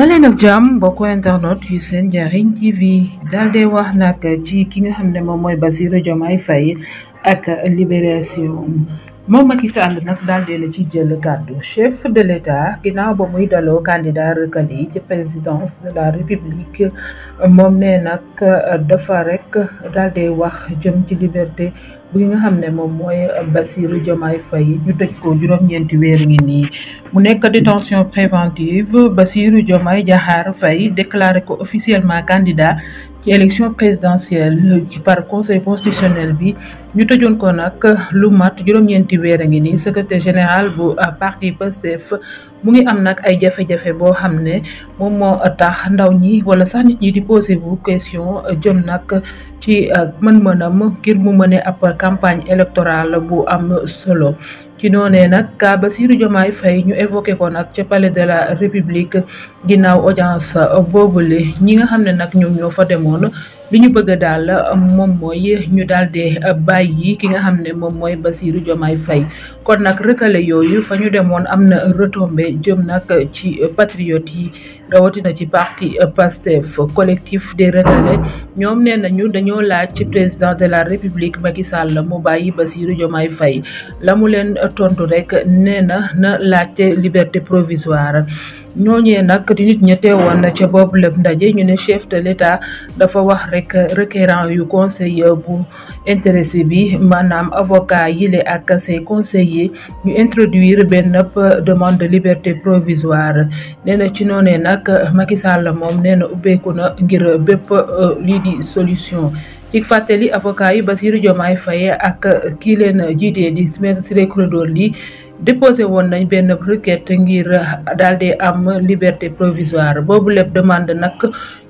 daleen ak jàmm mbokku internet yu seen njariñ TV daal di wax nag ci ki nga xam ne moom mooy Bassirou Diomaye fay ak Libération moom Macky Sall nag daal di la ci jël kàddu chef de l'État ginnaaw ba muy daloo candidat recalé ci présidence de la République moom ne nag dafa rek daal de wax jëm ci liberté bi nga xam ne moom mooy Diomaye Faye ñu tëj ko juróom-ñeenti mu nekk détention préventive Basirou Diomaye Jahar Faye déclaré ko officiellement candidat ci élection présidentielle ci par conseil constitutionnel bi ñu tëjoon ko nag lu mat secrétaire général bu parti PASTEF mu ngi am nag ay jafe-jafe boo xam ne moom moo tax ndaw ñi wala sax nit ñi di posé bu question euh, jëm nag ci euh, mën-mënam ngir mu mëne ab campagne électorale bu am solo ci noonee nag ka Bassirou Diomaye Faye ñu évoqué ko nag ca palais de la république ginnaaw audience boobule ñi nga xam ne nag ñoom ñoo fa demoon li ñu bëgg daal um, moom mooy ñu daal di uh, bàyyi ki nga xam ne moom mooy Bassirou Diomaye fay kon nag rëkkale yooyu fa ñu demoon am na retombé jëm nag ci uh, patriote yi rawatina ci parti uh, PASTEF collectif des rëkkale ñoom nee nañu dañoo laaj ci président de la république Macky Sall mu bàyyi Bassirou Diomaye fay la mu leen tontu rek nee na na laajte liberté provisoire ñooñee nag di nit ña teewoon ca boobu lépp ndaje ñu ne chef de l'État dafa wax rek requérant yu conseil bu intéressé bi maanaam avocat yile ak ses conseillers ñu introduire benn demande de liberté provisoire nee na ci noonee nag Macky Sall moom nee na ubbeeku na ngir bépp euh, li di solution ci fàttali avocat yi Bassirou Diomaye Faye ak kii leen jiitee di Maître Ciré Clédor Ly déposé woon nañ benn requête ngir euh, daal di am liberté provisoire boobu lépp demande nag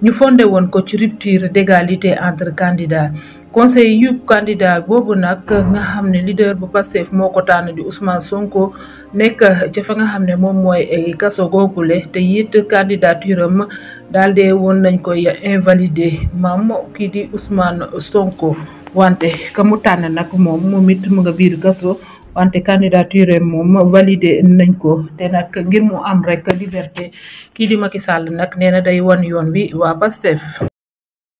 ñu fondé woon ko ci rupture d'égalité entre candidats conseil yu candidat boobu nag nga xam ne leader bu Pastef moo ko tànn di Ousmane Sonko nekk ca fa nga xam ne moom mooy eh, kaso googule te it candidature am daal di woon nañ koy invalider maam kii di Ousmane Sonko wante ka mu tànn nag moom moom it mu nga biir kaso wante candidature moom validé nañ ko te nag ngir mu am rek liberté kii di Macky Sall nag nee na day wan yoon bi waa Pastef